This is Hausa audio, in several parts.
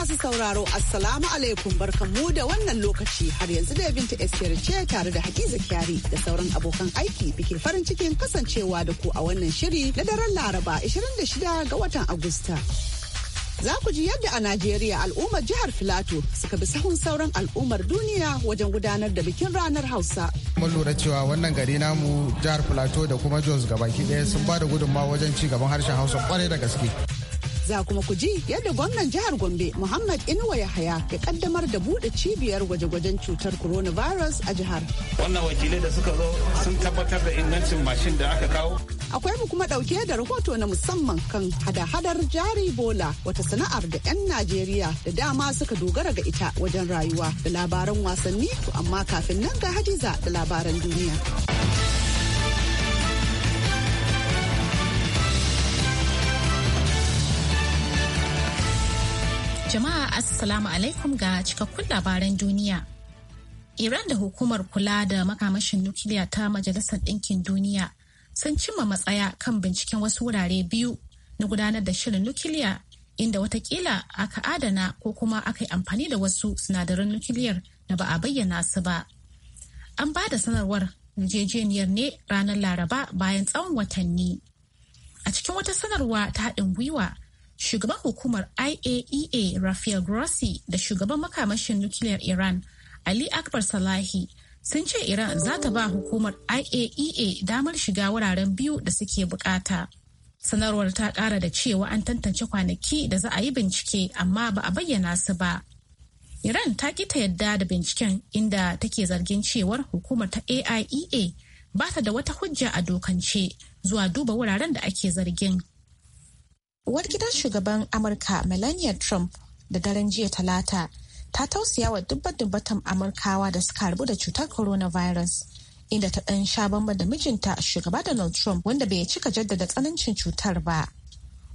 Masu sauraro Assalamu alaikum barkanmu da wannan lokaci har yanzu da Binta Esther ce tare da hakiza Kyari da sauran abokan aiki bikin farin cikin kasancewa da ku a wannan shiri na daren Laraba 26 ga watan Agusta. za ku ji yadda a Najeriya al'ummar jihar Filato suka bi sahun sauran al'ummar duniya wajen gudanar da bikin ranar Hausa. Mun lura cewa wannan gari namu jihar Filato da kuma Jos gabaki ɗaya sun ba da gudunmawa wajen ci gaban harshen Hausa kwarai da gaske. Za kuma ku ji yadda gwamnan jihar Gombe Muhammad Inuwa haya ya kaddamar da buɗe cibiyar gwaje-gwajen cutar coronavirus a jihar. Wannan wakilai da suka zo sun tabbatar da ingancin mashin da aka kawo. Akwai mu kuma ɗauke da rahoto na musamman kan hada-hadar jari bola wata sana'ar da 'yan Najeriya da dama suka dogara ga ita wajen rayuwa da labaran wasanni to amma kafin nan ga Hadiza da labaran duniya. Jama'a Assalamu alaikum ga cikakkun labaran duniya. Iran da hukumar kula da makamashin nukiliya ta Majalisar Ɗinkin Duniya sun cimma matsaya kan binciken wasu wurare biyu na gudanar da shirin nukiliya inda watakila aka adana ko kuma aka yi amfani da wasu sinadaran nukiliyar da ba a bayyana su ba. An ba da sanarwar yarjejeniyar ne ranar Laraba bayan tsawon watanni. A cikin wata sanarwa ta haɗin gwiwa shugaban hukumar iaea e rafael grossi da shugaban makamashin nukiliyar iran ali akbar salahi sun ce iran za ta ba hukumar iaea e damar shiga wuraren biyu da suke bukata sanarwar ta kara da cewa an tantance kwanaki da za a yi bincike amma ba a bayyana su ba iran ta ki ta yadda da binciken inda take zargin cewar hukumar ta aiea e ba ta da wata hujja a dokance zuwa duba wuraren da ake zargin uwar gidan shugaban amurka melania trump da daren jiya talata ta tausaya wa dubban dubbatan amurkawa da suka rabu da cutar coronavirus inda ta ɗan sha bamba da mijinta shugaba donald trump wanda bai cika jaddada tsanancin cutar ba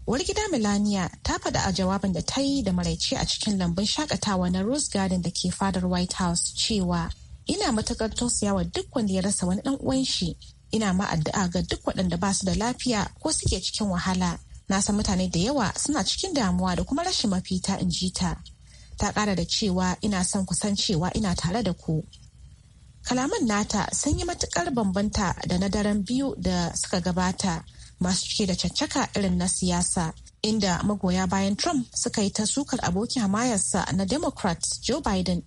uwar gida melania ta faɗa a jawabin da ta yi da maraice a cikin lambun shakatawa na rose garden da ke fadar white house cewa ina matakar tausaya wa duk wanda ya rasa wani ɗan uwan shi ina ma addu'a ga duk waɗanda ba su da lafiya ko suke cikin wahala na san mutane da yawa suna cikin damuwa da kuma rashin mafita in ji ta ta kara da cewa ina son san cewa ina tare da ku kalaman nata sun yi matukar bambanta da na daren biyu da suka gabata masu cike da caccaka irin na siyasa inda magoya bayan trump suka yi ta sukar abokin hamayarsa na Democrat joe biden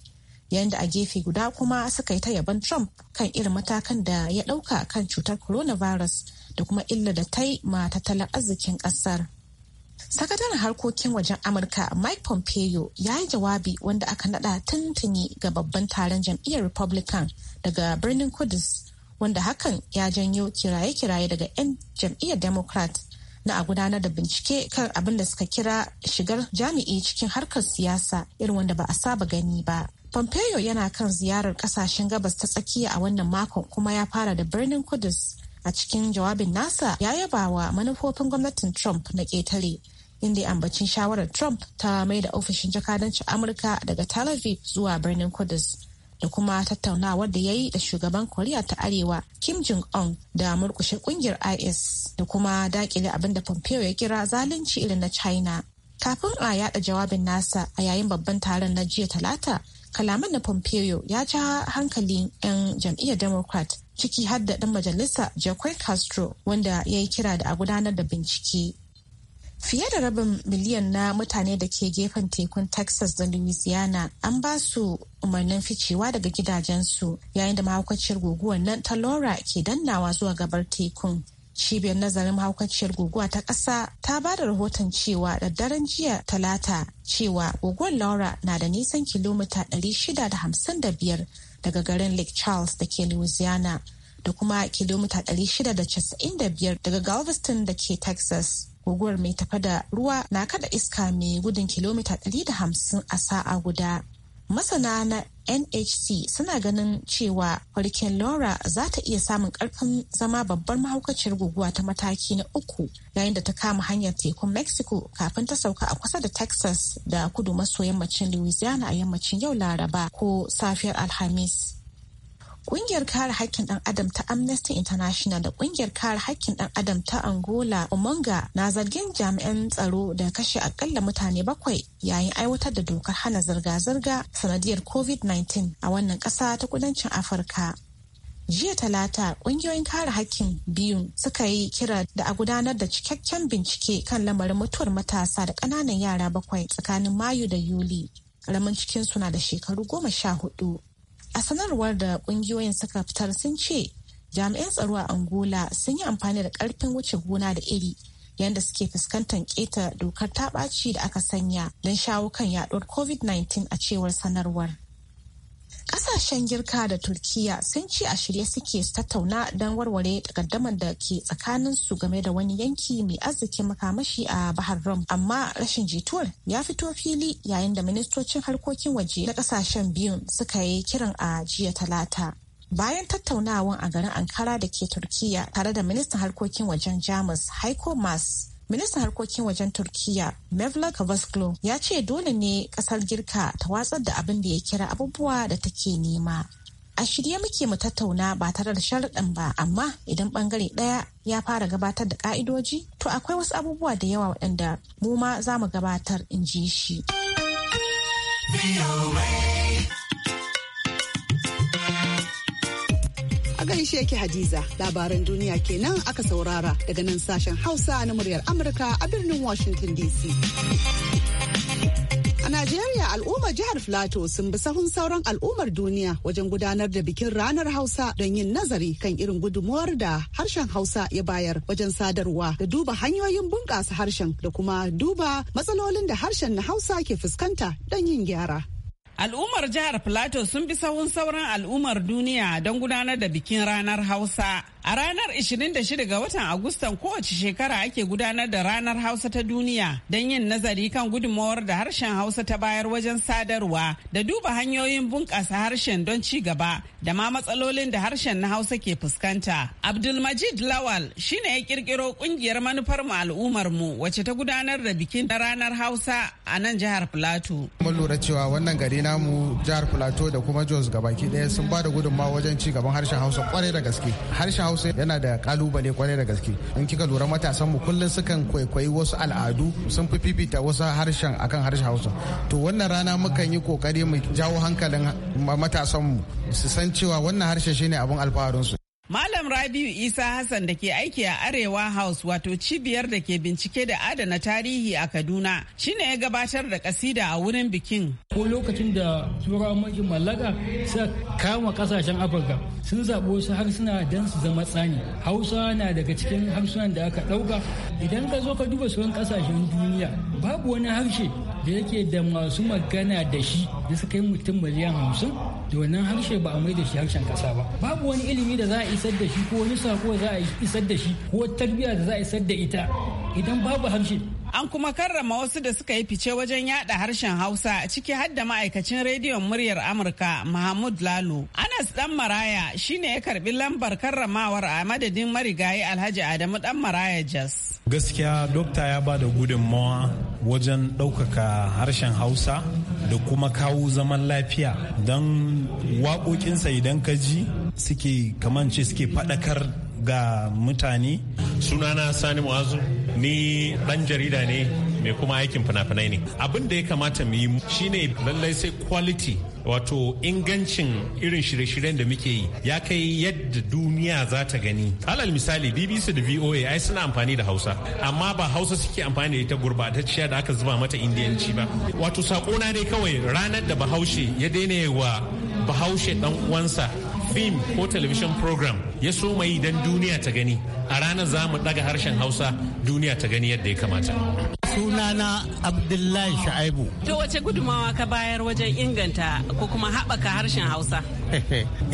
yayin da a gefe guda kuma suka yi ta yaban trump kan irin matakan da ya dauka kan cutar coronavirus da kuma illa da ta yi ma tattalin arzikin ƙasar. Sakataren harkokin wajen Amurka Mike Pompeo ya yi jawabi wanda aka nada tuntuni ga babban taron jam'iyyar Republican daga birnin Kudus wanda hakan ya janyo kiraye-kiraye daga 'yan jam'iyyar Democrat na a gudanar da bincike kan abin da suka kira shigar jami'i cikin harkar siyasa irin wanda ba a saba gani ba. Pompeo yana kan ziyarar kasashen gabas ta tsakiya a wannan makon kuma ya fara da birnin Kudus a cikin jawabin nasa ya yaba wa manufofin gwamnatin trump na ƙetare inda ya ambaci shawarar trump ta mai da ofishin jakadancin amurka daga tel zuwa birnin kudus da kuma tattaunawar da ya yi da shugaban koriya ta arewa kim jong un da murkushe kungiyar is da kuma dakile abin da pompeo ya kira zalunci irin na china kafin a yada jawabin nasa a yayin babban taron na jiya talata kalaman na pompeo ya ja hankalin 'yan jam'iyyar democrat ciki har da ɗan majalisa jacques castro wanda ya yi kira da a gudanar da bincike fiye da rabin miliyan na mutane da ke gefen tekun texas da louisiana an ba su umarnin ficewa daga gidajensu yayin da mahaukaciyar guguwar nan ta laura ke dannawa zuwa gabar tekun cibiyar nazarin haukaciyar guguwa ta ƙasa ta ba da rahoton cewa da daren jiya talata cewa guguwar laura na da nisan kilomita 655 daga garin lake charles da ke louisiana da kuma kilomita 695 daga galveston da ke texas guguwar mai tafa da ruwa na kada iska mai gudun kilomita 150 a sa'a guda masana na nhc suna ganin cewa hurricane laura za ta iya samun karfin zama babbar mahaukaciyar guguwa ta mataki na uku yayin da ta kama hanyar tekun mexico kafin ta sauka a kusa da texas da kudu maso yammacin louisiana a yammacin yau laraba ko safiyar alhamis Ƙungiyar kare haƙƙin ɗan adam ta Amnesty International da ƙungiyar kare haƙƙin ɗan adam ta Angola Umonga na zargin jami'an tsaro da kashe akalla mutane bakwai yayin aiwatar da dokar hana zirga-zirga sanadiyar COVID-19 a wannan ƙasa ta kudancin Afirka. jiya talata kungiyoyin kare hakkin biyu suka yi kira da a gudanar da cikakken bincike kan lamarin mutuwar matasa da ƙananan yara bakwai tsakanin mayu da yuli ramin cikinsu na da shekaru goma sha hudu a sanarwar da kungiyoyin suka fitar sun ce jami'an tsaro a angola sun yi amfani da karfin wuce gona da iri yadda suke fuskantar keta dokar ta ɓaci da aka sanya don shawo kan yaɗuwar covid-19 a cewar sanarwar Kasashen Girka da Turkiya sun ci a shirye suke tattauna don warware takaddamar da ke tsakanin su game da wani yanki mai arzikin makamashi a Bahar Rum. Amma rashin jituwar ya fito fili yayin da ministocin harkokin waje na kasashen biyun suka yi kiran a jiya talata. bayan tattaunawan a garin ankara da ke turkiya tare da ministan harkokin wajen jamus heiko mas Ministan harkokin wajen Turkiyya Mevlut Cavusoglu ya ce dole ne kasar Girka ta watsar da abin da ya kira abubuwa da take nema. A shirye muke mu tattauna ba tare da sharaɗin ba amma idan bangare ɗaya ya fara gabatar da ƙa'idoji, to akwai wasu abubuwa da yawa waɗanda mu ma za mu gabatar in ji shi. gaishe ke Hadiza. Labaran duniya kenan aka saurara daga nan sashen Hausa na muryar Amurka a birnin Washington DC. A Najeriya al'ummar jihar Filato sun bi sahun sauran al'ummar duniya wajen gudanar da bikin ranar Hausa don yin nazari kan irin gudunmuwar da harshen Hausa ya bayar wajen sadarwa da duba hanyoyin bunƙasa harshen da kuma duba matsalolin da harshen na Hausa ke fuskanta don yin gyara. Al'ummar jihar Plateau sun bi sahun sauran al'ummar duniya don gudanar da bikin ranar Hausa. A ranar 26 ga watan Agustan kowace shekara ake gudanar da ranar Hausa ta duniya don yin nazari kan gudunmawar da harshen Hausa ta bayar wajen sadarwa da duba hanyoyin bunƙasa harshen don ci gaba da ma matsalolin da harshen na Hausa ke fuskanta. Abdulmajid Lawal shine ya kirkiro kungiyar manufar mu al'ummar mu wacce ta gudanar da bikin da ranar Hausa a nan jihar Filato. Mun lura cewa wannan gari namu jihar Filato da kuma Jos gabaki ɗaya sun ba da gudunmawa wajen ci gaban harshen Hausa kwarai da gaske. Harshen hausa yana da kalubale kwarai da gaske in kika lura matasan mu kullum sukan kwaikwayi wasu al'adu sun fi fifita wasu harshen akan harshen hausa to wannan rana mukan yi kokari mu jawo hankalin matasan mu su san cewa wannan harshe shine abun alfaharin su Malam Rabiu Isa Hassan da ke aiki a Arewa House wato cibiyar da ke bincike da adana tarihi a Kaduna shine ya gabatar da kasida a wurin bikin. Ko lokacin da turawa mulkin mallaka suka kama kasashen Afirka sun zaɓi wasu harsuna don su zama tsani. Hausa na daga cikin harsunan da aka ɗauka. Idan ka zo ka duba sauran kasashen duniya babu wani harshe da yake da masu magana da shi da suka yi mutum miliyan hamsin da wannan harshe ba a mai da shi harshen ƙasa ba. Babu wani ilimi da za a isar da shi ko wani sako za a isar da shi ko tarbiyya da za a isar da ita idan babu harshe An kuma karrama wasu da suka yi fice wajen yada harshen Hausa ciki har da ma'aikacin rediyon muryar Amurka Mahmud Lalo. Anas Dan Maraya shine ya karbi lambar karramawar a madadin marigayi Alhaji Adamu Dan Maraya Jas. Gaskiya dokta ya ba da gudunmawa wajen ɗaukaka harshen Hausa da kuma kawo zaman lafiya don waƙoƙinsa idan ka ji suke kamance suke faɗakar ga mutane sunana sani mu'azu ni dan jarida ne mai kuma aikin fina-finai ne abin da ya kamata mu yi shine lallai sai quality wato ingancin irin shirye-shiryen da muke yi ya kai yadda duniya za ta gani alal misali bbc da voa ai suna amfani da hausa amma ba hausa suke amfani da ita gurbatacciya da aka zuba mata indiyanci ba wato sakona dai kawai ranar da bahaushe ya daina wa bahaushe dan uwansa fim ko television program ya so mai don duniya ta gani a ranar za mu ɗaga harshen hausa duniya ta gani yadda ya kamata sunana abdullahi sha'aibu to wace gudumawa ka bayar wajen inganta ko kuma haɓaka harshen hausa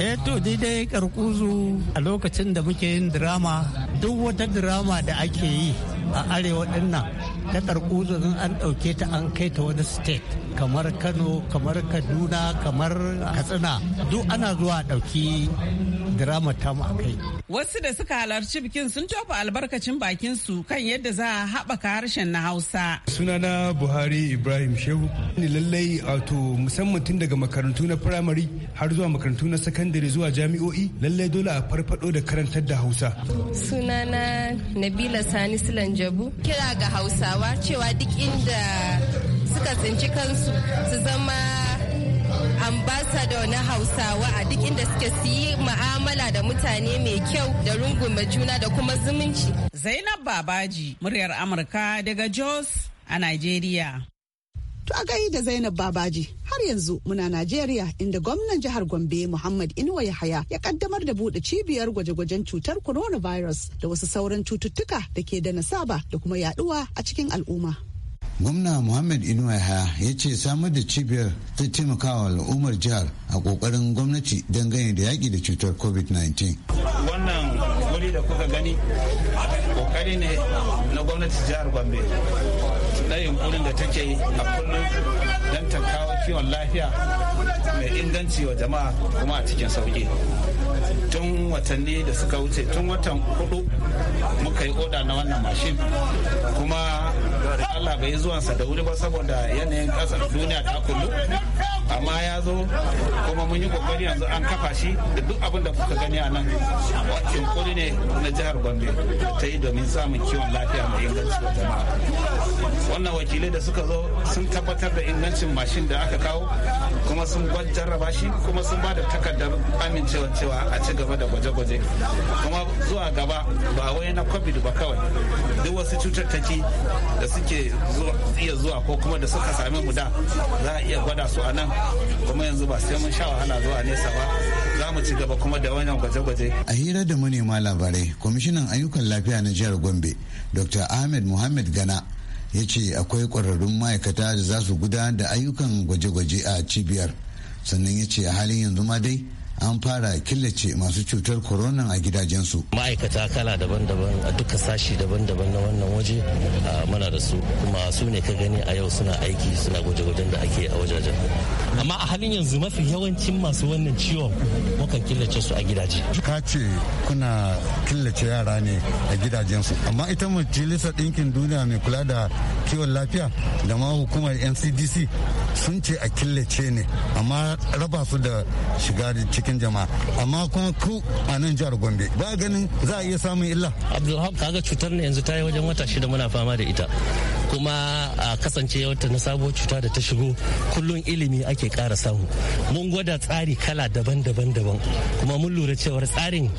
eh to daidai karkuzu a lokacin da muke yin drama duk wata drama da ake yi a arewa din nan ta tarkuzo an ɗauke ta an kai ta wani state kamar kano kamar kaduna kamar katsina duk ana zuwa ɗauki drama ta mu kai. wasu da suka halarci bikin sun tofa albarkacin bakin su kan yadda za a haɓaka harshen na hausa sunana buhari ibrahim shehu ni lallai wato musamman tun daga makarantu na firamare har zuwa makarantu na sakandare zuwa jami'o'i lallai dole a farfado da karantar da hausa sunana nabila sani silan jabu kira ga hausawa cewa duk inda suka tsinci kansu su zama ambassador na hausawa a duk inda suke siyi ma'amala da mutane mai kyau da rungume juna da kuma zumunci. Zainab Babaji, muryar Amurka daga Jos a Nigeria. To a gai da Zainab Babaji har yanzu muna Najeriya inda gwamnan jihar Gombe Muhammad Inuwa Yahaya ya kaddamar da bude cibiyar gwaje-gwajen cutar coronavirus da wasu sauran cututtuka da ke da nasaba da kuma yaduwa a cikin al'umma. Gwamna Muhammad Inuwa Yahaya ya ce samar da cibiyar ta taimakawa al'ummar jihar a kokarin gwamnati dangane da yaki da cutar COVID-19. Wannan wuri da kuka gani kokari ne na gwamnati jihar Gombe na yunkurin da take a kullum don ta kawo kiwon lafiya mai inganci wa jama'a kuma a cikin sauki tun watanni da suka wuce tun watan hudu muka yi oda na wannan mashin kuma allah bai zuwansa da wuri ba saboda yanayin kasar duniya ta kullu amma ya zo kuma mun yi kokari yanzu an kafa shi da duk abin da kuka gani a nan yunkuri ne na jihar gombe ta yi domin samun kiwon lafiya mai inganci wa jama'a wannan wakilai da suka zo sun tabbatar da ingancin mashin da aka kawo kuma sun jarraba shi kuma sun ba da takardar amincewa cewa a ci gaba da gwaje-gwaje kuma zuwa gaba ba wai na covid ba kawai duk wasu cututtuki da suke iya zuwa ko kuma da suka sami muda za a iya gwada su a nan kuma yanzu ba sai mun sha wahala zuwa nesa ba za mu ci gaba kuma da wannan gwaje-gwaje. A hira da manema labarai kwamishinan ayyukan lafiya na jihar Gombe Dr. Ahmed Muhammad Gana ya ce akwai ƙwararrun ma'aikata da za su gudanar da ayyukan gwaje-gwaje a cibiyar sannan ya ce a halin yanzu ma dai an fara killace masu cutar corona a gidajensu. ma'aikata kala daban-daban a duka sashi daban-daban na wannan waje mana da su kuma su ne ka gani a yau suna aiki suna gwaje-gwajen da ake a wajajen amma a halin yanzu mafi yawancin masu wannan ciwon muka killace su a gidaje ka ce kuna killace yara ne a gidajensu amma ita majalisar ɗinkin duniya mai kula da kiwon lafiya da ma hukumar ncdc sun ce a killace ne amma raba su da shiga cikin jama'a amma kuma ku a nan jihar gombe ba ganin za a iya samun illa abdulhaq kaga cutar ne yanzu ta yi wajen wata shida muna fama da ita kuma a kasance wata na sabuwar cuta da ta shigo kullum ilimi ake kara samu mun gwada tsari kala daban-daban daban kuma mun lura cewar tsarin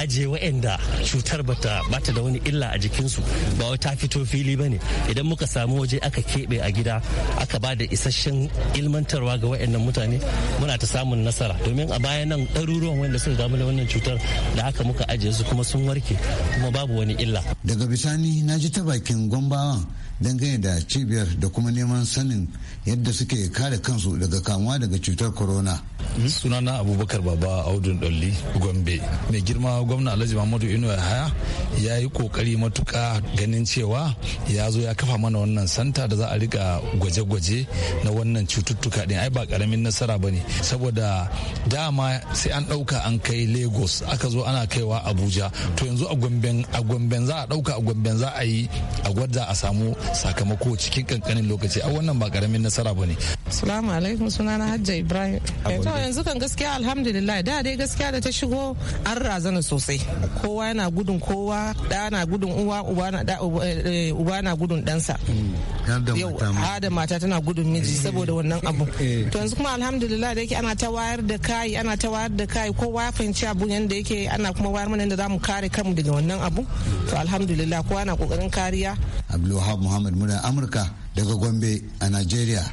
ajiye wa'anda cutar bata bata da wani illa a jikinsu ba wai ta fito fili bane idan muka samu waje aka keɓe a gida aka ba da isasshen ilmantarwa ga wa'annan mutane muna ta samun nasara domin a bayan nan ɗaruruwan wanda suka damu da wannan cutar da haka muka ajiye su kuma sun warke kuma babu wani illa daga bisani na ji ta bakin gwambawan dangane da cibiyar da kuma neman sanin yadda suke kare kansu daga kamuwa daga cutar corona. sunana abubakar baba audun dolli gombe mai girma gwamna alhaji mahmudu ya haya ya yi kokari matuka ganin cewa ya zo ya kafa mana wannan santa da za a rika gwaje-gwaje na wannan cututtuka din ai ba karamin nasara ba ne saboda dama sai an ɗauka an kai lagos aka zo ana kaiwa abuja to yanzu a gomben za a ɗauka a gomben za a yi a gwada a samu sakamako cikin kankanin lokaci a wannan ba karamin nasara bane salamu alaikum na hajja ibrahim eh, to yanzu kan gaskiya alhamdulillah da dai gaskiya da ta shigo an razana sosai kowa yana gudun kowa da na gudun uwa uba na eh, na gudun ɗansa. Mm, yau da mata tana gudun miji eh. saboda wannan abu to yanzu kuma alhamdulillah da yake ana ta wayar da kai ana ta wayar da kai kowa ya fahimci abu yanda yake ana kuma wayar mana yanda zamu kare kanmu daga wannan abu to alhamdulillah kowa na kokarin kariya abdulwahab muhammad muna amurka daga gombe a Najeriya.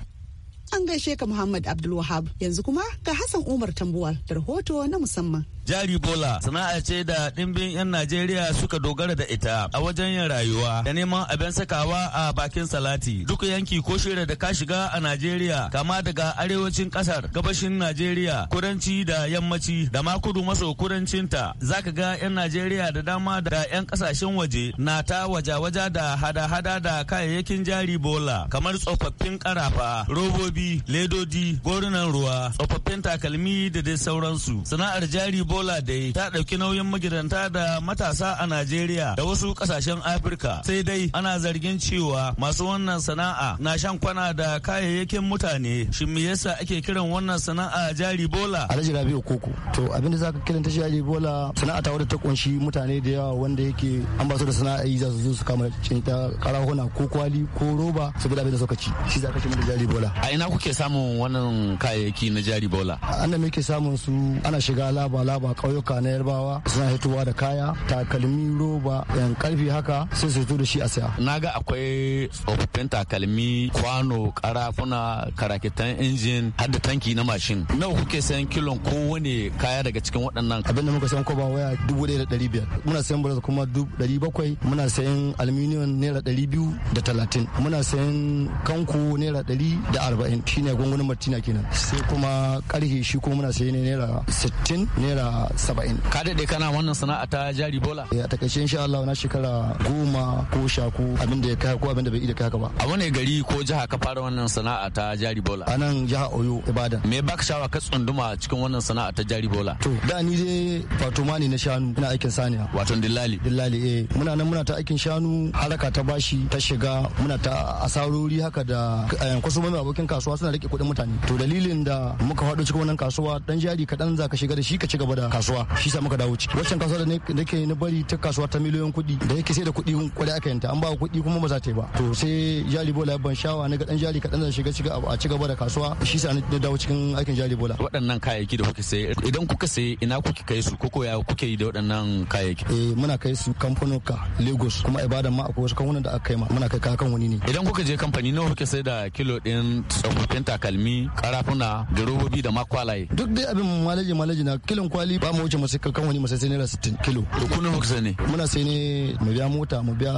an gaishe ka muhammad abdulwahab yanzu kuma ga hassan umar tambuwal da rahoto na musamman jari bola sana'a ce da ɗimbin 'yan Najeriya suka dogara da ita a wajen yin rayuwa da neman abin sakawa a bakin salati. Duk yanki ko shirya da ka shiga a Najeriya kama daga arewacin ƙasar gabashin Najeriya kudanci da yammaci da ma kudu maso kudancinta ka ga 'yan Najeriya da dama da 'yan ƙasashen waje na ta waja-waja da hada-hada da kayayyakin jari bola kamar tsofaffin karafa robobi ledodi gorunan ruwa tsofaffin takalmi da dai sauransu sana'ar jari bola Ebola dai ta ɗauki nauyin magidanta da matasa a Najeriya da wasu ƙasashen Afirka. Sai dai ana zargin cewa masu wannan sana'a na shan kwana da kayayyakin mutane. Shin me yasa ake kiran wannan sana'a jari bola? Alhaji Rabi'u Koko. To abin da za ka kiranta jari bola sana'a ta wadda ta kunshi mutane da yawa wanda yake an ba su da sana'a yi za su zo su kama cinta karahuna ko kwali ko roba saboda abin da suka ci. Shi za ka ce mata jari bola. A ina kuke samun wannan kayayyaki na jari bola? An da muke samun su ana shiga laba laba koma ƙauyuka na yarbawa suna hituwa da kaya takalmi roba yan karfi haka sai su da shi a siya na ga akwai tsofaffin takalmi kwano karafuna karakitan injin har da tanki na mashin nawa kuke sayan kilon kowane kaya daga cikin waɗannan abin da muka sayan kwaba waya dubu ɗaya da ɗari biyar muna sayan brazil kuma dubu ɗari bakwai muna sayan aluminium naira ɗari biyu da talatin muna sayan kanku naira ɗari da arba'in shine gungunin martina kenan sai kuma ƙarhe shi kuma muna sayan naira sittin naira saba'in ka daɗe kana wannan sana'a ta jari bola ya eh, kashe insha Allah na shekara goma ko sha ko abin da ya kai ko abin da bai iya kai ba a wani gari ko jiha ka fara wannan sana'a ta jari bola a nan jiha Oyo Ibadan me baka shawa ka tsunduma cikin wannan sana'a ta jari bola to da ni dai fatoma ne na shanu ina aikin saniya wato dillali dillali eh muna nan muna ta aikin shanu haraka ta bashi ta shiga muna ta asarori haka da eh, mai abokin kasuwa suna rike kuɗin mutane to dalilin da muka faɗo cikin wannan kasuwa dan jari kaɗan za ka shiga da shi ka ci gaba da kasuwa shi sa muka dawo ci waccan kasuwa da nake na bari ta kasuwa ta miliyoyin kuɗi da yake sai da kuɗi kwarai aka yanta an ba kuɗi kuma ba za ta yi ba to sai jali bola ban shawa na ga dan jali kaɗan zan shiga shiga a ci gaba da kasuwa shi sa na dawo cikin aikin jali bola waɗannan kayayyaki da kuke sai idan kuka sai ina kuke kai su ko ya kuke yi da waɗannan kayayyaki eh muna kai su kamfanoka lagos kuma ibadan ma akwai wasu kamfanin da aka kai ma muna kai kan wani ne idan kuka je kamfani nawa kuke sai da kilo ɗin tsofaffin takalmi karafuna da robobi da makwalaye duk dai abin malaji malaji na kilon kwali misali ba mu wuce mu sai kan wani mu sai naira 60 kilo da kullum muka ne muna sai ne mu biya mota mu biya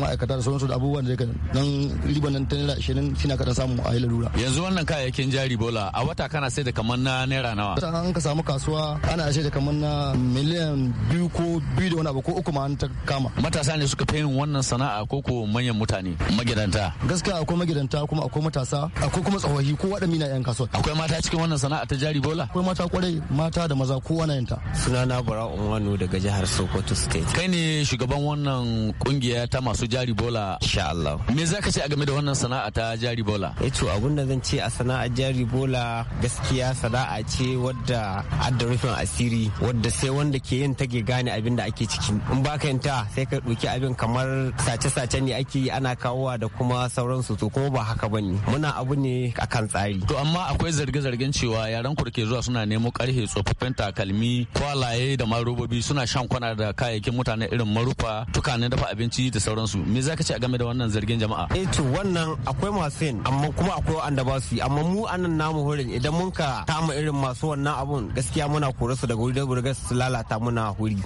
ma'aikata da sauransu da abubuwan da kan nan riban nan ta naira 20 shi na kadan samu a lura. yanzu wannan kayayyakin jari bola a wata kana sai da kamar na naira nawa an ka samu kasuwa ana sai da kamar na miliyan biyu ko biyu da wani abu ko uku ma an ta kama matasa ne suka fi yin wannan sana'a ko ko manyan mutane magidanta gaskiya akwai magidanta kuma akwai matasa akwai kuma tsawahi ko waɗanda mina yan kasuwa akwai mata cikin wannan sana'a ta jari bola akwai mata kwarai mata da maza kowa na suna Sunana Bara Umanu daga jihar Sokoto State. Kai ne shugaban wannan kungiya ta masu jari bola. Insha Allah. Me za ka ce a game da wannan sana'a ta jari bola? Eh to abin da zan ce a sana'a jari bola gaskiya sana'a ce wadda adda rufin asiri wadda sai wanda ke yin take gane abin da ake ciki. In ba ka ta sai ka ɗauki abin kamar sace-sace ne ake yi ana kawowa da kuma sauransu to kuma ba haka ba ne. Muna abu ne akan tsari. To amma akwai zarge-zargen cewa yaran kurke zuwa suna nemo karhe tsofaffin takalmi amfani kwalaye da marobobi suna shan kwana da kayayyakin mutane irin marufa tukanen dafa abinci da sauransu me zaka ce a game da wannan zargin jama'a eh to wannan akwai masu yin amma kuma akwai wanda ba su yi amma mu anan namu hurin idan mun ka kama irin masu wannan abun gaskiya muna kore su daga wurin burga su lalata muna huri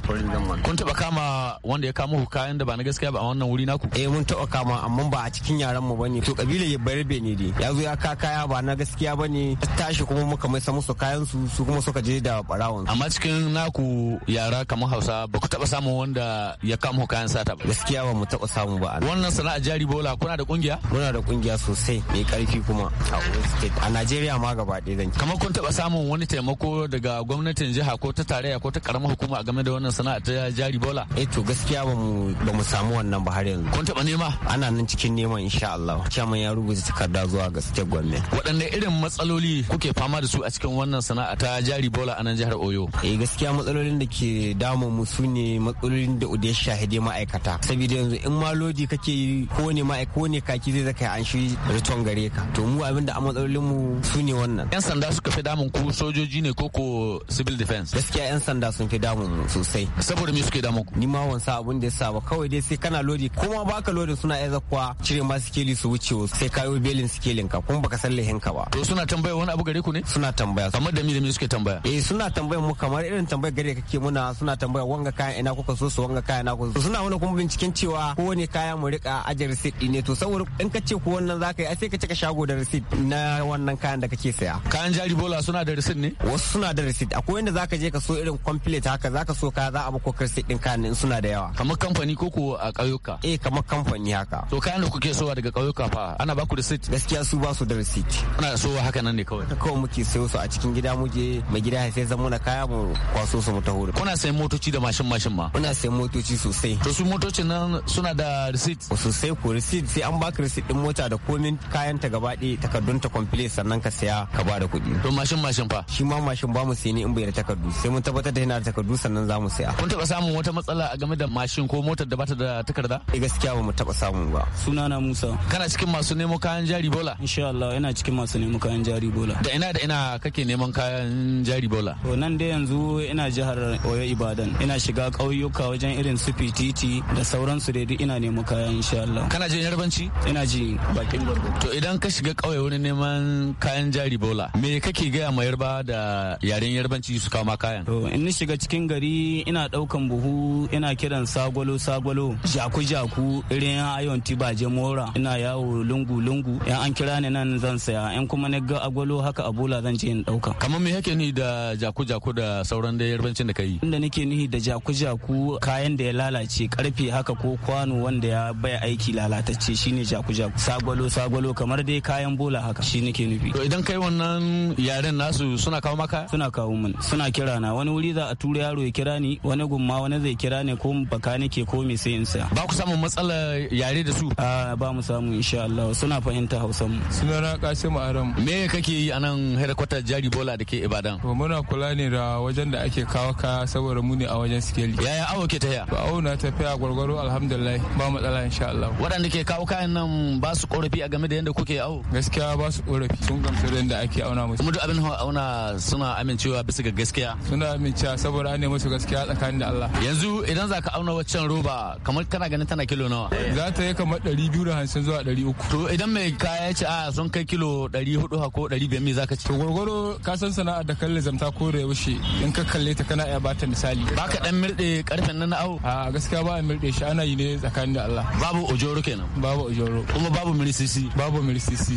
kun taba kama wanda ya kama kayan da ba na gaskiya ba a wannan wuri naku eh mun taba kama amma ba a cikin yaran mu bane to kabila ya barbe ne dai ya zo ya ka kaya ba na gaskiya bane tashi kuma muka mai samu su kayan su su kuma suka je da barawon amma cikin naku yara kamar hausa ba ku taba samun wanda ya kama kayan sata ba gaskiya ba mu taba samu ba wannan sana'a jari bola kuna da kungiya muna da kungiya sosai mai karfi kuma a state a najeriya ma gaba ɗaya zan kamar kun taba samun wani taimako daga gwamnatin jiha ko ta tarayya ko ta karamar hukuma a game da wannan sana'a ta jari bola eh to gaskiya ba mu ba mu samu wannan ba har yanzu kun taba nema ana nan cikin neman insha Allah chairman ya rubuta takarda zuwa ga state government waɗanne irin matsaloli kuke fama da su a cikin wannan sana'a ta jari bola a nan jihar Oyo eh gaskiya matsalolin da ke damu mu su ne matsalolin da ya shahide ma'aikata saboda yanzu in ma lodi kake yi ko ne ma'aikata ko ne kaki zai zaka an shi return gare ka to mu abin da a matsalolin mu su ne wannan yan sanda suka fi damun ku sojoji ne ko ko civil defense gaskiya yan sanda sun fi damun mu sosai saboda me suke damun ku ni ma wansa abin da ya sa ba kawai dai sai kana lodi kuma baka lodin suna iya zakwa cire ma sikeli su wuce sai kayo belin sikelin ka kuma baka san ka ba to suna tambaya wani abu gare ku ne suna tambaya kamar da me da me suke tambaya eh suna tambaya muka kamar irin tambayar gare kake muna suna tambaya wanga kayan ina kuka so su wanga kayan ina kuka suna wani kuma binciken cewa kowane kaya mu rika ajiye receipt din ne to saboda in ka ce ko wannan zaka yi sai ka cika shago da receipt na wannan kayan da kake saya kayan jari bola suna da receipt ne wasu suna da receipt akwai wanda zaka je ka so irin complete haka zaka so ka za a maka receipt din kayan din suna da yawa kamar kamfani ko ko a kayoka. eh kamar kamfani haka to kayan da kuke sowa daga kayoka fa ana ba ku receipt gaskiya su ba su da receipt ana sowa haka nan ne kawai kawai muke sayo su a cikin gida muje mai gida sai zama na kaya mu mu kwaso su mu taho kuna sayan motoci da mashin mashin ma muna sayan motoci sosai to su motocin nan suna da receipt sosai ko receipt sai an baka receipt din mota da komin kayan ta gaba ɗaya takardun ta complete sannan ka saya ka bada kuɗi to mashin mashin fa shi ma mashin ba mu sayi ne in bai da takardu sai mun tabbatar da yana da takardu sannan za mu saya kun taba samun wata matsala a game da mashin ko motar da bata da takarda eh gaskiya ba mu taba samu ba sunana Musa kana cikin masu nemo kayan jari bola insha Allah ina cikin masu nemo kayan jari bola da ina da ina kake neman kayan jari bola to nan dai yanzu ina jihar Oyo Ibadan ina shiga ƙauyuka wajen irin su fititi da sauransu da ina nemi kayan insha Allah. Kana jin yarbanci? Ina ji bakin gurgu To idan ka shiga ƙauye wani neman kayan jari bola me kake gaya ma yarba da yaren yarbanci su kama kayan? To in ni shiga cikin gari ina daukan buhu ina kiran sagwalo sagwalo jaku jaku irin ayon tibaje mora ina yawo lungu lungu yan an kira ni nan zan saya in kuma ni ga agwalo haka a bola zan je in dauka. Kamar me yake ni da jaku jaku da da sauran da yarbancin da kai inda nake nihi da jaku-jaku kayan da ya lalace karfe haka ko kwano wanda ya bai aiki lalatacce shine jaku-jaku sagwalo sagwalo kamar dai kayan bola haka shi nake nufi to idan kai wannan yaren nasu suna kawo maka suna kawo min suna kira na wani wuri za a tura yaro ya kira ni wani gumma wani zai kira ni ko baka nake ko me sai in sa ba ku samun matsala yare da su a ba mu samu insha Allah suna fahimta Hausa mu sunana Kasim Aram me kake yi anan headquarter Jari Bola da ke Ibadan to muna kula ne da wajen da ake kawo ka saboda mu ne a wajen sikeli yaya awo ke tafiya ba awo na tafiya gwargwaro alhamdulillah ba matsala insha Allah waɗanda ke kawo kayan nan ba su korafi a game da yadda kuke awo gaskiya ba su korafi sun gamsu da yadda ake auna musu kuma duk abin auna suna amincewa bisa ga gaskiya suna amincewa saboda nemi musu gaskiya tsakanin da Allah yanzu idan za ka auna waccan roba kamar kana ganin tana kilo nawa za ta yi kamar ɗari biyu da hamsin zuwa ɗari uku to idan mai kaya ya ce a ah, sun kai kilo ɗari hudu ko ɗari biyar me za ka ci to gwargwaro ka san sana'a da kan zamta ko da yaushe in ka kalle ta kana iya bata misali ba ka dan mirɗe karfen nan na awo a gaskiya ba a mirɗe shi ana yi ne tsakanin da Allah babu ojoro kenan babu ojoro kuma babu mirisisi babu mirisisi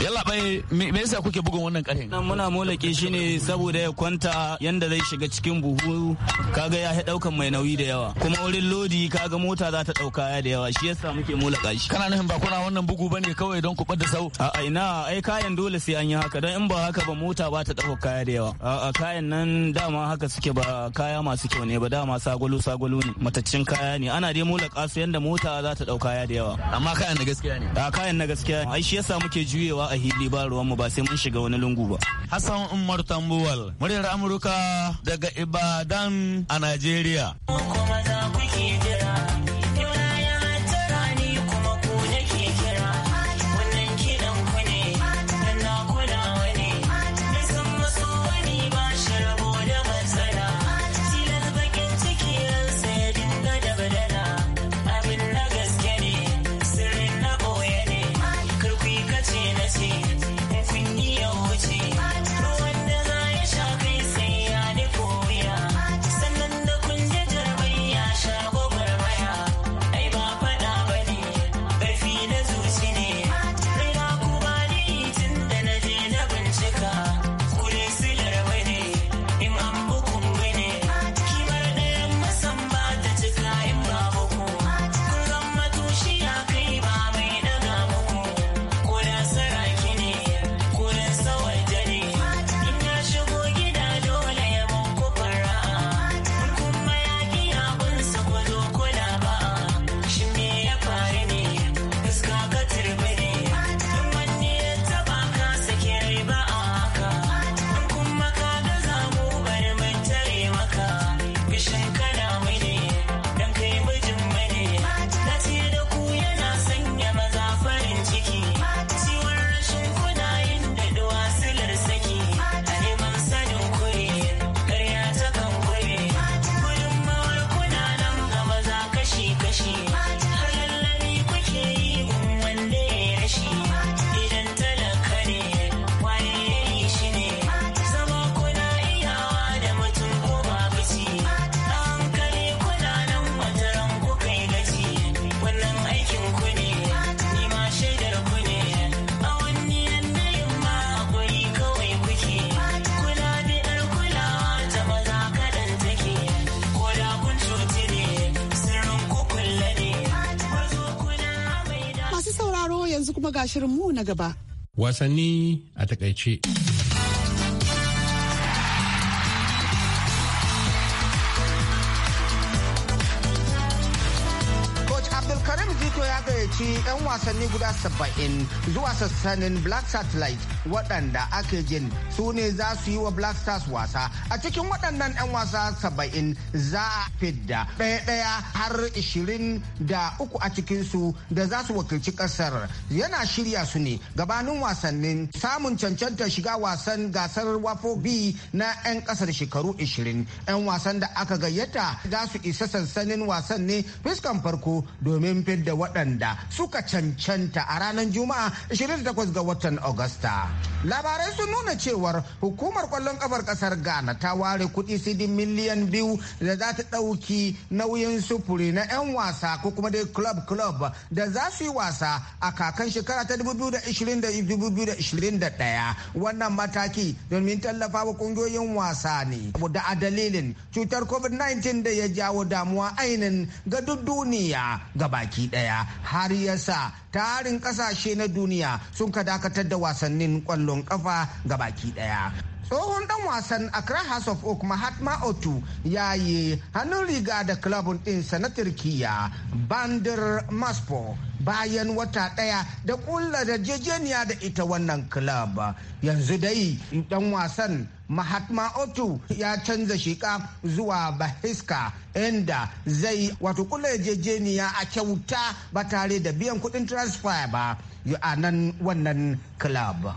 yalla bai me yasa kuke bugun wannan karhe nan muna molake shi ne saboda ya kwanta yanda zai shiga cikin buhu kaga ya ya daukan mai nauyi da yawa kuma wurin lodi kaga mota za ta dauka ya da yawa shi yasa muke molaka shi kana nufin ba kuna wannan bugu bane kawai don ku bada sau a ina ai kayan dole sai an yi haka don in ba haka ba mota ba ta dauka kaya da yawa a kayan nan dama haka suke ba kaya masu kyau ne ba dama sagwalo sagwalo ne mataccin kaya ne ana dai molaka su yanda mota za ta dauka ya da yawa amma kayan na gaskiya ne a kayan na gaskiya ai shi yasa muke juyewa a hili ba ruwanmu ba sai mun shiga wani lungu ba. Hassan Umar Tambuwal, muryar Amurka daga Ibadan a Najeriya. ga shirin mu na gaba. Wasanni a takaice. gayyaci 'yan wasanni guda saba'in zuwa sassanin Black Satellite waɗanda ake jin su ne za su yi wa black stars wasa a cikin waɗannan 'yan wasa saba'in za a fidda ɗaya-ɗaya har ishirin da uku a cikinsu da za su wakilci ƙasar yana shirya su ne gabanin wasannin samun cancanta shiga wasan gasar wafo b na 'yan ƙasar shekaru ishirin. 'yan wasan da aka gayyata za su isa sansanin wasan ne fuskan farko domin fidda waɗanda suka cancanta a ranar juma'a 28 ga watan agusta labarai sun nuna cewar hukumar kwallon kafar kasar ghana ta ware kudi sidin miliyan biyu da za ta ɗauki nauyin sufuri na 'yan wasa ko kuma dai club club da za su yi wasa a kakan shekara ta 2020-2021 wannan mataki domin tallafa wa kungiyoyin wasa ne da a dalilin cutar covid-19 da ya jawo damuwa ainin ga duk duniya ga baki daya har yasa tarin kasashe na duniya sun ka dakatar da wasannin kwallon kafa ga baki daya tsohon dan wasan Accra House of Oak Mahatma Otu ya yi hannun riga da klabun ɗinsa na Turkiya bandar maspo bayan wata ɗaya da ƙulla da jejeniya da ita wannan kilab yanzu dai dan wasan Mahatma Otu ya canza shiƙa zuwa Bahiska inda zai wato kula jejeniya a kyauta ba tare da biyan kuɗin transfer ba a nan wannan kilab.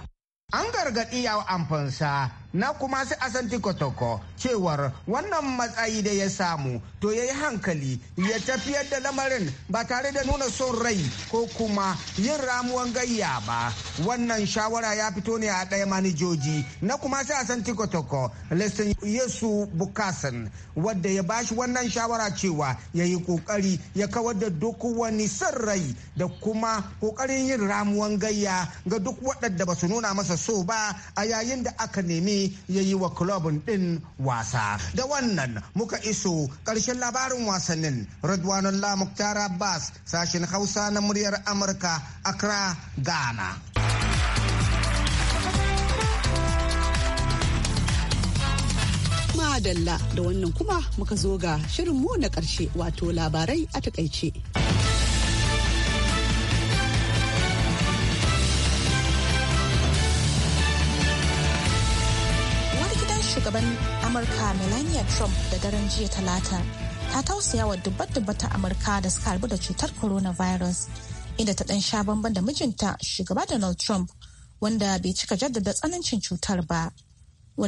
an gargaɗi a amfansa na kuma su asanti kotoko cewar wannan matsayi da ya samu to ya yi hankali ya tafiyar da lamarin ba tare da nuna son rai ko kuma yin ramuwan gayya ba wannan shawara ya fito ne a ɗaya manijoji na kuma su asanti kotoko lesson yesu bukasan wadda ya bashi wannan shawara cewa ya yi kokari ya kawar da duk wani son rai da kuma kokarin yin ramuwan gayya ga duk waɗanda ba su nuna masa so ba a yayin da aka nemi ya yi wa kulobin ɗin wasa da wannan muka iso ƙarshen labarin wasannin radwanullah muktar abbas sashen hausa na muryar amurka accra ghana madalla da wannan kuma muka zo ga shirinmu na ƙarshe wato labarai a takaice. shugaban amurka melania trump da daren jiya talata ta tausaya wa dubbar ta amurka da suka harbu da cutar coronavirus inda ta dan sha bamban da mijinta shugaba donald trump wanda bai cika jaddada tsanancin cutar ba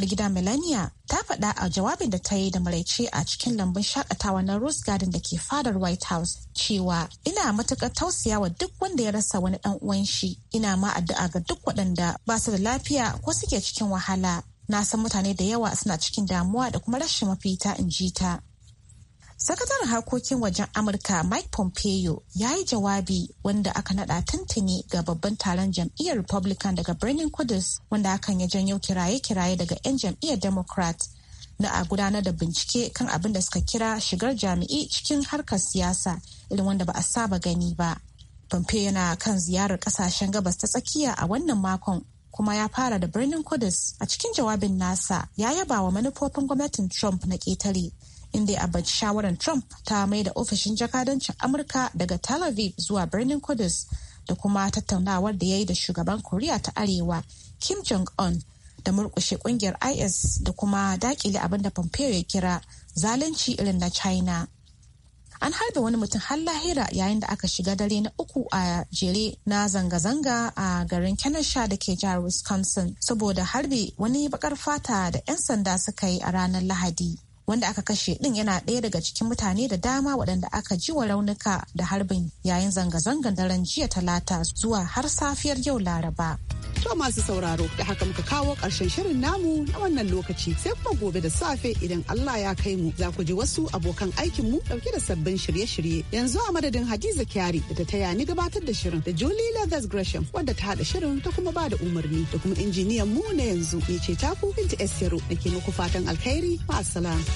gida Melania ta faɗa a jawabin da ta yi da maraice a cikin lambun shakatawa na Rose Garden da ke fadar White House cewa ina matuƙar tausaya wa duk wanda ya rasa wani ɗan uwan shi ina ma addu'a ga duk waɗanda ba su da lafiya ko suke cikin wahala na san mutane da yawa suna cikin damuwa da kuma rashin mafita in ji ta sakataren harkokin wajen amurka mike pompeo ya yi jawabi wanda aka nada tuntuni ga babban taron jam'iyyar republican daga birnin kudus wanda hakan ya janyo kiraye-kiraye daga 'yan jam'iyyar democrat na a gudanar da bincike kan abin da suka kira shigar jami'i cikin harkar siyasa irin wanda ba a saba gani ba pompeo yana kan ziyarar kasashen gabas ta tsakiya a wannan makon kuma ya fara da birnin Kudus a cikin jawabin nasa ya yaba wa manufofin gwamnatin Trump na ƙetare. inda ya abinci shawarar Trump ta mai da ofishin jakadancin Amurka daga Tel Aviv zuwa birnin Kudus da kuma tattaunawar da ya yi da shugaban Koriya ta Arewa Kim Jong-un da murkushe kungiyar IS da kuma dakile abinda da Pompeo ya kira zalunci irin na China. an harbe wani mutum har lahira yayin da aka shiga dare na uku a jere na zanga-zanga a garin kenosha da ke jihar wisconsin saboda harbe wani bakar fata da 'yan sanda suka yi a ranar lahadi wanda aka kashe din yana ɗaya daga cikin mutane da dama waɗanda aka ji wa raunuka da harbin yayin zanga-zangar daren jiya talata zuwa har safiyar yau laraba. To masu sauraro da haka muka kawo ƙarshen shirin namu na wannan lokaci sai kuma gobe da safe idan Allah ya kai mu za ku ji wasu abokan aikin mu dauke da sabbin shirye-shirye yanzu a madadin Hadiza Kyari da ta taya ni gabatar da shirin da Julie Leathers Gresham wadda ta haɗa shirin ta kuma ba da umarni da kuma injiniyan mu na yanzu ya ce ta Binta Esero da ke muku fatan alkhairi ma'asalam.